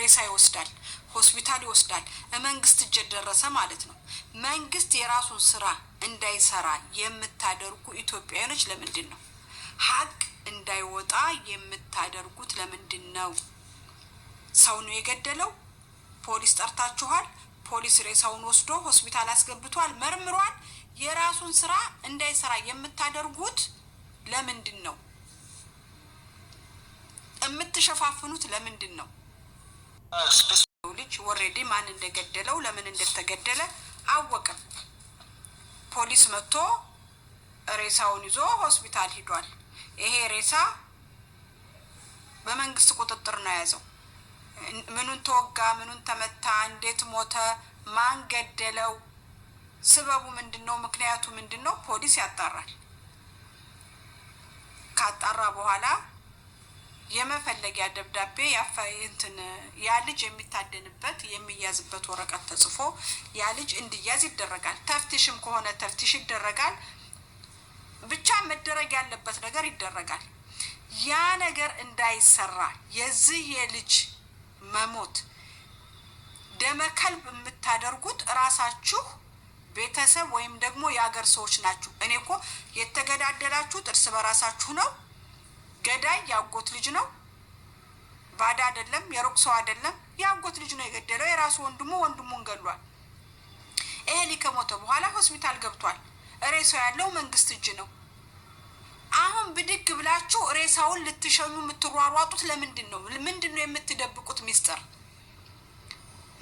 ሬሳ ይወስዳል፣ ሆስፒታል ይወስዳል። መንግስት እጅ ደረሰ ማለት ነው። መንግስት የራሱን ስራ እንዳይሰራ የምታደርጉ ኢትዮጵያውያኖች ለምንድን ነው? ሀቅ እንዳይወጣ የምታደርጉት ለምንድን ነው? ሰው ነው የገደለው። ፖሊስ ጠርታችኋል። ፖሊስ ሬሳውን ወስዶ ሆስፒታል አስገብቷል፣ መርምሯል። የራሱን ስራ እንዳይሰራ የምታደርጉት ለምንድን ነው? የምትሸፋፍኑት ለምንድን ነው? ልጅ ወሬዴ ማን እንደገደለው ለምን እንደተገደለ አወቅም። ፖሊስ መጥቶ ሬሳውን ይዞ ሆስፒታል ሂዷል። ይሄ ሬሳ በመንግስት ቁጥጥር ነው የያዘው። ምኑን ተወጋ፣ ምኑን ተመታ፣ እንዴት ሞተ፣ ማን ገደለው፣ ስበቡ ምንድን ነው፣ ምክንያቱ ምንድን ነው፣ ፖሊስ ያጣራል። ካጣራ በኋላ የመፈለጊያ ደብዳቤ እንትን ያ ልጅ የሚታደንበት የሚያዝበት ወረቀት ተጽፎ ያ ልጅ እንዲያዝ ይደረጋል። ተፍትሽም ከሆነ ተፍትሽ ይደረጋል። ብቻ መደረግ ያለበት ነገር ይደረጋል። ያ ነገር እንዳይሰራ የዚህ የልጅ መሞት ደመከልብ የምታደርጉት እራሳችሁ ቤተሰብ ወይም ደግሞ የአገር ሰዎች ናችሁ። እኔ እኮ የተገዳደላችሁት እርስ በራሳችሁ ነው። ገዳይ የአጎት ልጅ ነው። ባዳ አይደለም፣ የሩቅ ሰው አይደለም። የአጎት ልጅ ነው የገደለው። የራሱ ወንድሙ ወንድሙን ገሏል። ይሄ ከሞተ በኋላ ሆስፒታል ገብቷል። ሬሳው ያለው መንግስት እጅ ነው። አሁን ብድግ ብላችሁ ሬሳውን ልትሸኙ የምትሯሯጡት ለምንድን ነው? ምንድን ነው የምትደብቁት ሚስጥር?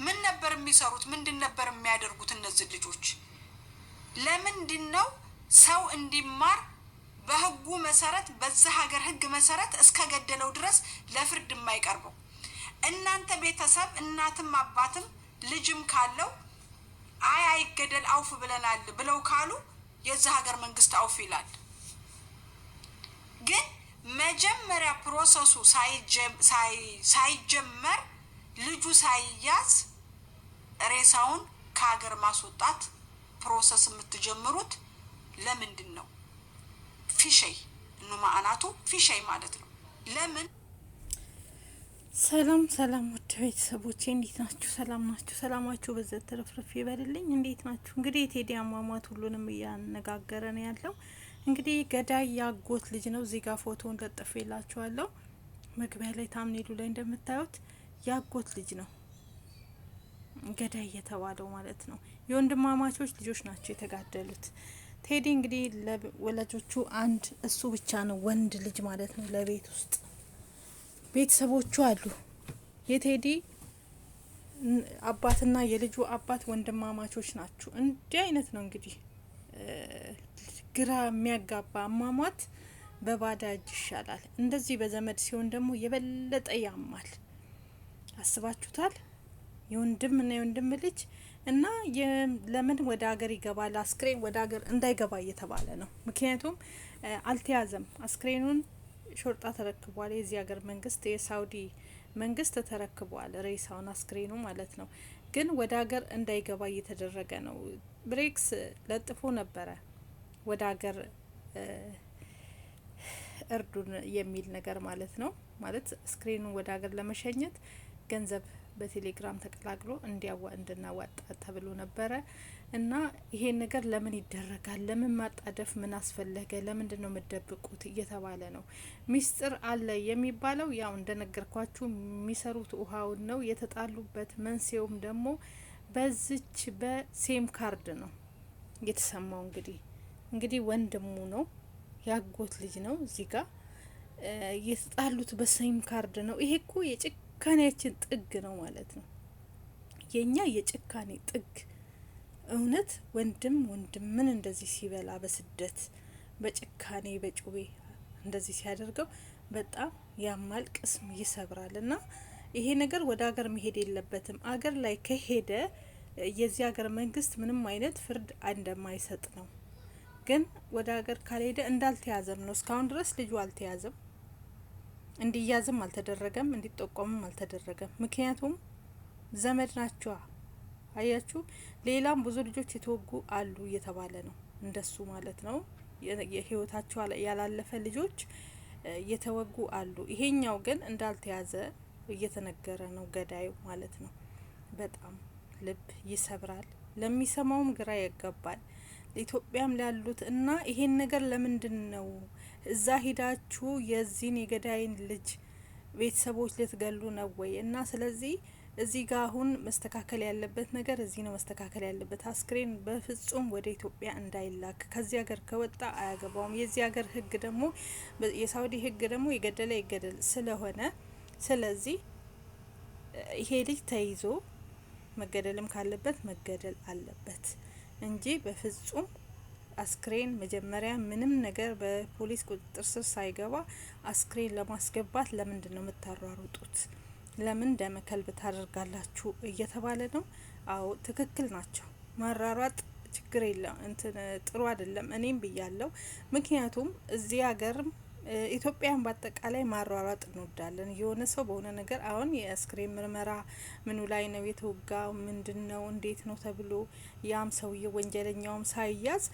ምን ነበር የሚሰሩት? ምንድን ነበር የሚያደርጉት እነዚህ ልጆች? ለምንድን ነው ሰው እንዲማር በህጉ መሰረት በዛ ሀገር ህግ መሰረት እስከገደለው ድረስ ለፍርድ የማይቀርበው እናንተ ቤተሰብ እናትም አባትም ልጅም ካለው አይ አይገደል አውፍ ብለናል ብለው ካሉ የዛ ሀገር መንግስት አውፍ ይላል። ግን መጀመሪያ ፕሮሰሱ ሳይጀመር ልጁ ሳይያዝ ሬሳውን ከሀገር ማስወጣት ፕሮሰስ የምትጀምሩት ለምንድን ነው? ፊሸይ እኑ ማዕናቱ ፊሸይ ማለት ነው። ለምን ሰላም ሰላም፣ ውድ ቤተሰቦቼ እንዴት ናችሁ? ሰላም ናችሁ? ሰላማችሁ በዘት ትርፍርፍ ይበልልኝ። እንዴት ናችሁ? እንግዲህ የቴዲ አሟሟት ሁሉንም እያነጋገረ ነው ያለው። እንግዲህ ገዳይ ያጎት ልጅ ነው። እዚህ ጋር ፎቶውን ለጥፌ የላችኋለሁ መግቢያ ላይ ታምኔሉ ላይ እንደምታዩት ያጎት ልጅ ነው ገዳይ የተባለው ማለት ነው። የወንድማማቾች ልጆች ናቸው የተጋደሉት። ቴዲ እንግዲህ ለወላጆቹ አንድ እሱ ብቻ ነው ወንድ ልጅ ማለት ነው። ለቤት ውስጥ ቤተሰቦቹ አሉ። የቴዲ አባትና የልጁ አባት ወንድማማቾች ናቸው። እንዲህ አይነት ነው እንግዲህ ግራ የሚያጋባ አሟሟት። በባዳ እጅ ይሻላል። እንደዚህ በዘመድ ሲሆን ደግሞ የበለጠ ያማል። አስባችሁታል? የወንድምና የወንድም ልጅ እና ለምን ወደ ሀገር ይገባል? አስክሬን ወደ ሀገር እንዳይገባ እየተባለ ነው። ምክንያቱም አልተያዘም። አስክሬኑን ሾርጣ ተረክቧል። የዚህ ሀገር መንግስት፣ የሳውዲ መንግስት ተረክቧል፣ ሬሳውን አስክሬኑ ማለት ነው። ግን ወደ ሀገር እንዳይገባ እየተደረገ ነው። ብሬክስ ለጥፎ ነበረ ወደ ሀገር እርዱን የሚል ነገር ማለት ነው። ማለት አስክሬኑን ወደ ሀገር ለመሸኘት ገንዘብ በቴሌግራም ተቀላቅሎ እንዲያዋ እንድናዋጣ ተብሎ ነበረ እና ይሄን ነገር ለምን ይደረጋል? ለምን ማጣደፍ ምን አስፈለገ? ለምንድን ነው የምደብቁት? እየተባለ ነው። ሚስጥር አለ የሚባለው ያው እንደነገርኳችሁ የሚሰሩት ውሃውን ነው። የተጣሉበት መንስኤውም ደግሞ በዚች በሴም ካርድ ነው የተሰማው። እንግዲህ እንግዲህ ወንድሙ ነው ያጎት ልጅ ነው እዚህ ጋር የተጣሉት በሴም ካርድ ነው። ይሄ እኮ የጭቅ ጭካኔያችን ጥግ ነው ማለት ነው። የእኛ የጭካኔ ጥግ እውነት ወንድም ወንድምን እንደዚህ ሲበላ በስደት በጭካኔ በጩቤ እንደዚህ ሲያደርገው በጣም ያማል፣ ቅስም ይሰብራል። እና ይሄ ነገር ወደ ሀገር መሄድ የለበትም። አገር ላይ ከሄደ የዚህ ሀገር መንግስት ምንም አይነት ፍርድ እንደማይሰጥ ነው። ግን ወደ ሀገር ካልሄደ እንዳልተያዘም ነው። እስካሁን ድረስ ልጁ አልተያዘም። እንዲያዝም አልተደረገም፣ እንዲጠቆምም አልተደረገም። ምክንያቱም ዘመድ ናቸዋ። አያችሁ፣ ሌላም ብዙ ልጆች የተወጉ አሉ እየተባለ ነው። እንደሱ ማለት ነው። የህይወታቸው ያላለፈ ልጆች እየተወጉ አሉ። ይሄኛው ግን እንዳልተያዘ እየተነገረ ነው፣ ገዳዩ ማለት ነው። በጣም ልብ ይሰብራል። ለሚሰማውም ግራ ይገባል ኢትዮጵያም ላሉት እና ይሄን ነገር ለምንድን ነው እዛ ሂዳችሁ የዚህን የገዳይን ልጅ ቤተሰቦች ልትገሉ ነው ወይ? እና ስለዚህ እዚህ ጋር አሁን መስተካከል ያለበት ነገር እዚህ ነው መስተካከል ያለበት። አስክሬን በፍጹም ወደ ኢትዮጵያ እንዳይላክ፣ ከዚህ ሀገር ከወጣ አያገባውም። የዚህ ሀገር ህግ ደግሞ የሳውዲ ህግ ደግሞ የገደለ ይገደል ስለሆነ ስለዚህ ይሄ ልጅ ተይዞ መገደልም ካለበት መገደል አለበት እንጂ በፍጹም አስክሬን መጀመሪያ ምንም ነገር በፖሊስ ቁጥጥር ስር ሳይገባ አስክሬን ለማስገባት ለምንድን ነው የምታሯሩጡት? ለምን ደመ ታደርጋላችሁ እየተባለ ነው። አዎ ትክክል ናቸው። ማራሯጥ ችግር የለም እንትን ጥሩ አይደለም። እኔም ብያለው። ምክንያቱም እዚህ ሀገርም ኢትዮጵያን በአጠቃላይ ማሯሯጥ እንወዳለን። የሆነ ሰው በሆነ ነገር አሁን የአስክሬን ምርመራ ምኑ ላይ ነው የተወጋው፣ ምንድን ነው፣ እንዴት ነው ተብሎ ያም ሰውዬ ወንጀለኛውም ሳይያዝ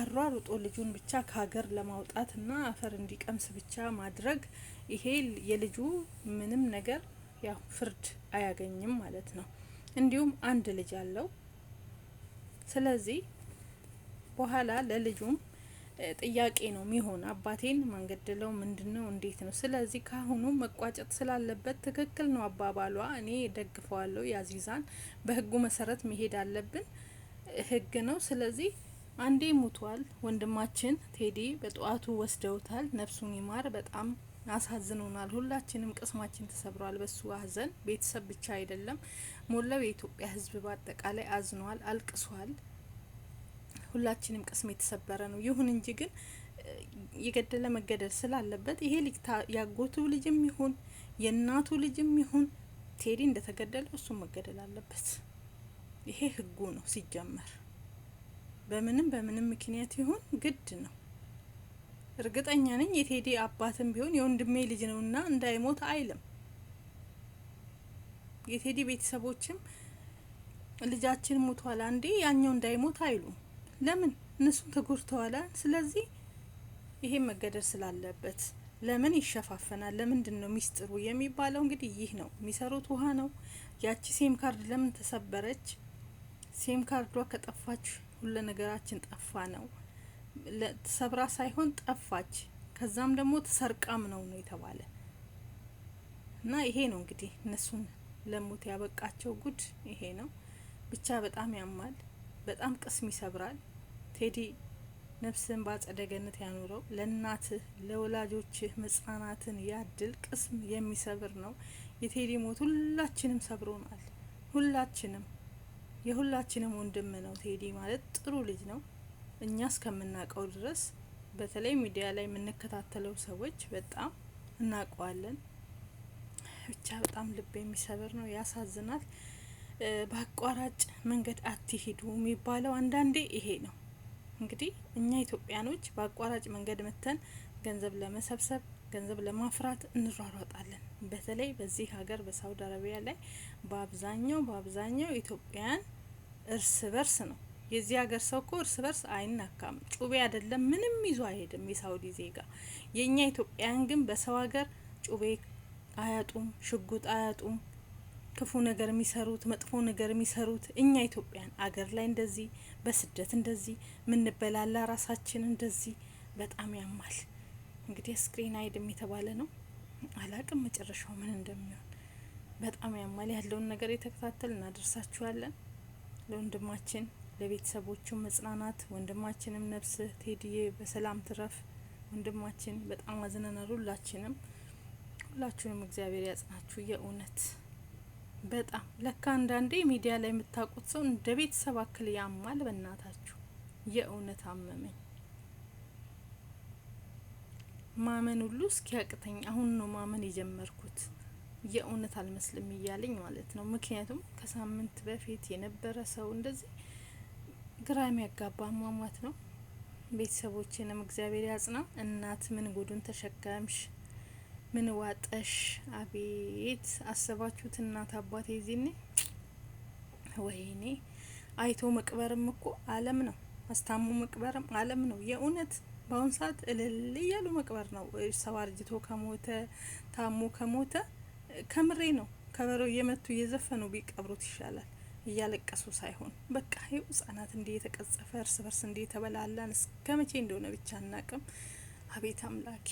አሯሩጦ ልጁን ብቻ ከሀገር ለማውጣት እና አፈር እንዲቀምስ ብቻ ማድረግ ይሄ የልጁ ምንም ነገር ያው ፍርድ አያገኝም ማለት ነው። እንዲሁም አንድ ልጅ አለው። ስለዚህ በኋላ ለልጁም ጥያቄ ነው የሚሆን አባቴን ማንገደለው ምንድን ነው እንዴት ነው? ስለዚህ ካሁኑ መቋጨት ስላለበት ትክክል ነው አባባሏ። እኔ ደግፈዋለሁ። ያዚዛን በህጉ መሰረት መሄድ አለብን። ህግ ነው። ስለዚህ አንዴ ሙቷል ወንድማችን ቴዲ። በጠዋቱ ወስደውታል። ነፍሱን ይማር። በጣም አሳዝኖናል። ሁላችንም ቅስማችን ተሰብሯል በሱ ሀዘን ቤተሰብ ብቻ አይደለም ሞላው የኢትዮጵያ ህዝብ በአጠቃላይ አዝኗል፣ አልቅሷል። ሁላችንም ቅስም የተሰበረ ነው። ይሁን እንጂ ግን የገደለ መገደል ስላለበት ይሄ ልጅ ያጎቱ ልጅም ይሁን የእናቱ ልጅም ይሁን ቴዲ እንደተገደለ እሱ መገደል አለበት። ይሄ ህጉ ነው ሲጀመር። በምንም በምንም ምክንያት ይሁን ግድ ነው። እርግጠኛ ነኝ የቴዲ አባትም ቢሆን የወንድሜ ልጅ ነውና እንዳይሞት አይልም። የቴዲ ቤተሰቦችም ልጃችን ሙቷል አንዴ ያኛው እንዳይሞት አይሉም። ለምን እነሱም ተጎድተዋል። ስለዚህ ይሄ መገደር ስላለበት ለምን ይሸፋፈናል? ለምንድን ነው ሚስጥሩ የሚባለው? እንግዲህ ይህ ነው የሚሰሩት። ውሃ ነው ያቺ ሴም ካርድ ለምን ተሰበረች? ሴም ካርዷ ከጠፋች ሁለ ነገራችን ጠፋ ነው። ተሰብራ ሳይሆን ጠፋች። ከዛም ደግሞ ተሰርቃም ነው ነው የተባለ እና ይሄ ነው እንግዲህ እነሱን ለሞት ያበቃቸው ጉድ ይሄ ነው። ብቻ በጣም ያማል፣ በጣም ቅስም ይሰብራል። ቴዲ ነፍስን በአጸደ ገነት ያኑረው። ለእናትህ ለወላጆችህ መጽናናትን ያድል። ቅስም የሚሰብር ነው የቴዲ ሞት። ሁላችንም ሰብሮናል። ሁላችንም የሁላችንም ወንድም ነው ቴዲ ማለት ጥሩ ልጅ ነው። እኛ እስከምናውቀው ድረስ በተለይ ሚዲያ ላይ የምንከታተለው ሰዎች በጣም እናውቀዋለን። ብቻ በጣም ልብ የሚሰብር ነው፣ ያሳዝናል። በአቋራጭ መንገድ አትሂዱ የሚባለው አንዳንዴ ይሄ ነው። እንግዲህ እኛ ኢትዮጵያኖች በአቋራጭ መንገድ መተን ገንዘብ ለመሰብሰብ ገንዘብ ለማፍራት እንሯሯጣለን። በተለይ በዚህ ሀገር በሳውዲ አረቢያ ላይ በአብዛኛው በአብዛኛው ኢትዮጵያን እርስ በርስ ነው። የዚህ ሀገር ሰው እኮ እርስ በርስ አይናካም። ጩቤ አይደለም ምንም ይዞ አይሄድም የሳውዲ ዜጋ። የእኛ ኢትዮጵያን ግን በሰው ሀገር ጩቤ አያጡም፣ ሽጉጥ አያጡም ክፉ ነገር የሚሰሩት መጥፎ ነገር የሚሰሩት እኛ ኢትዮጵያን አገር ላይ እንደዚህ በስደት እንደዚህ ምንበላላ ራሳችን እንደዚህ በጣም ያማል። እንግዲህ ስክሪን አይድም የተባለ ነው። አላቅም መጨረሻው ምን እንደሚሆን በጣም ያማል። ያለውን ነገር የተከታተል እናደርሳችኋለን። ለወንድማችን ለቤተሰቦቹ መጽናናት፣ ወንድማችንም ነፍስ፣ ቴዲዬ በሰላም ትረፍ። ወንድማችን በጣም አዝነናል። ሁላችንም ሁላችሁንም እግዚአብሔር ያጽናችሁ የእውነት በጣም ለካ አንዳንዴ ሚዲያ ላይ የምታውቁት ሰው እንደ ቤተሰብ አክል ያማል። በእናታችሁ የእውነት አመመኝ። ማመን ሁሉ እስኪያቅተኝ አሁን ነው ማመን የጀመርኩት። የእውነት አልመስልም እያለኝ ማለት ነው። ምክንያቱም ከሳምንት በፊት የነበረ ሰው እንደዚህ ግራ የሚያጋባ አሟሟት ነው። ቤተሰቦችንም እግዚአብሔር ያጽና። እናት ምን ጉዱን ተሸከምሽ? ምን ዋጠሽ? አቤት አሰባችሁት እናት አባቴ ዚኔ ወይኔ አይቶ መቅበርም እኮ አለም ነው። አስታሙ መቅበርም አለም ነው። የእውነት በአሁን ሰዓት እልል እያሉ መቅበር ነው። ሰው አርጅቶ ከሞተ ታሞ ከሞተ ከምሬ ነው። ከበሮ እየመቱ እየዘፈኑ ቢቀብሩት ይሻላል፣ እያለቀሱ ሳይሆን በቃ ይኸው ህጻናት እንዲ የተቀጸፈ እርስ በርስ እንዲ የተበላላን እስከ መቼ እንደሆነ ብቻ አናቅም። አቤት አምላኬ